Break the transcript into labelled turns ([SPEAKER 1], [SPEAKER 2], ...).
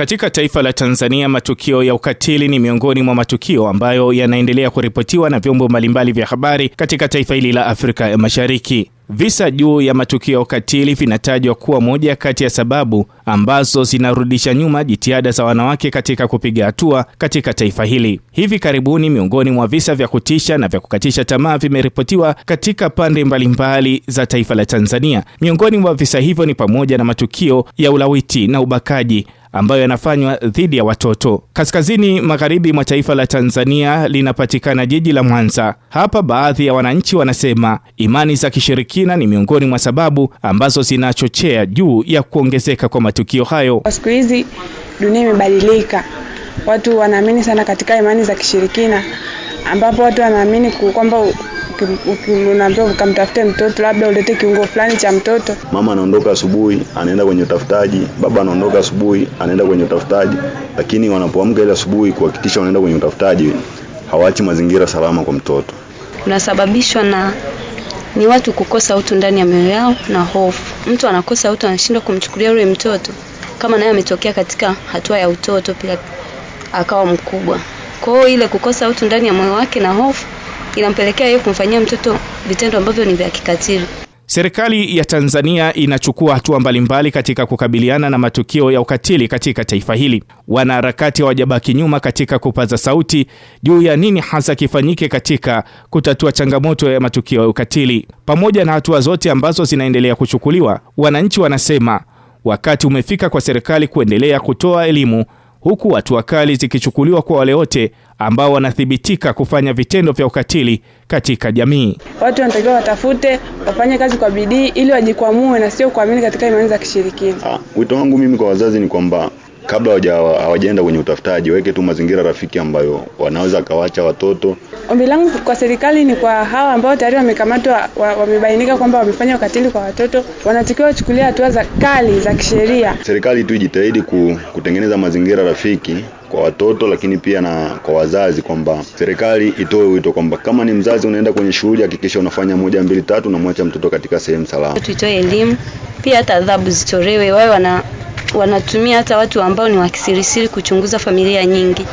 [SPEAKER 1] Katika taifa la Tanzania, matukio ya ukatili ni miongoni mwa matukio ambayo yanaendelea kuripotiwa na vyombo mbalimbali vya habari katika taifa hili la Afrika ya Mashariki. Visa juu ya matukio ya ukatili vinatajwa kuwa moja kati ya sababu ambazo zinarudisha nyuma jitihada za wanawake katika kupiga hatua katika taifa hili. Hivi karibuni, miongoni mwa visa vya kutisha na vya kukatisha tamaa vimeripotiwa katika pande mbalimbali za taifa la Tanzania. Miongoni mwa visa hivyo ni pamoja na matukio ya ulawiti na ubakaji ambayo yanafanywa dhidi ya watoto. Kaskazini magharibi mwa taifa la Tanzania linapatikana jiji la Mwanza. Hapa baadhi ya wananchi wanasema imani za kishirikina ni miongoni mwa sababu ambazo zinachochea juu ya kuongezeka kwa matukio hayo.
[SPEAKER 2] Siku hizi dunia imebadilika, watu wanaamini sana katika imani za kishirikina, ambapo watu wanaamini kwamba unaambiwa ukamtafute mtoto, labda ulete kiungo fulani cha mtoto.
[SPEAKER 3] Mama anaondoka asubuhi anaenda kwenye utafutaji, baba anaondoka asubuhi anaenda kwenye utafutaji, lakini wanapoamka ile asubuhi kuhakikisha wanaenda kwenye utafutaji, hawaachi mazingira salama kwa mtoto.
[SPEAKER 4] Unasababishwa na ni watu kukosa utu ndani ya mioyo yao na hofu. Mtu anakosa utu, anashindwa kumchukulia yule mtoto kama naye ametokea katika hatua ya utoto, pia akawa mkubwa. Kwa hiyo ile kukosa utu ndani ya moyo wake na hofu inampelekea yeye kumfanyia mtoto vitendo ambavyo ni vya kikatili.
[SPEAKER 1] Serikali ya Tanzania inachukua hatua mbalimbali katika kukabiliana na matukio ya ukatili katika taifa hili. Wanaharakati hawajabaki nyuma katika kupaza sauti juu ya nini hasa kifanyike katika kutatua changamoto ya matukio ya ukatili. Pamoja na hatua zote ambazo zinaendelea kuchukuliwa, wananchi wanasema wakati umefika kwa serikali kuendelea kutoa elimu huku hatua kali zikichukuliwa kwa wale wote ambao wanathibitika kufanya vitendo vya ukatili katika jamii.
[SPEAKER 2] Watu wanatakiwa watafute, wafanye kazi kwa bidii ili wajikwamue na sio kuamini katika imani za kishirikina.
[SPEAKER 3] Ah, wito wangu mimi kwa wazazi ni kwamba kabla hawajaenda kwenye utafutaji, weke tu mazingira rafiki ambayo wanaweza akawacha watoto.
[SPEAKER 2] Ombi langu kwa serikali ni kwa hawa ambao tayari wamekamatwa, wamebainika kwamba wamefanya ukatili kwa watoto, wanatakiwa wachukulia hatua za kali za kisheria.
[SPEAKER 3] Serikali tu ijitahidi kutengeneza mazingira rafiki kwa watoto lakini pia na kwa wazazi, kwamba serikali itoe wito kwamba kama ni mzazi unaenda kwenye shughuli, hakikisha unafanya moja mbili tatu, na mwacha mtoto katika sehemu salama.
[SPEAKER 4] Tuitoe elimu pia, hata adhabu zitolewe, wawe wana wanatumia hata watu ambao ni wakisirisiri kuchunguza familia nyingi.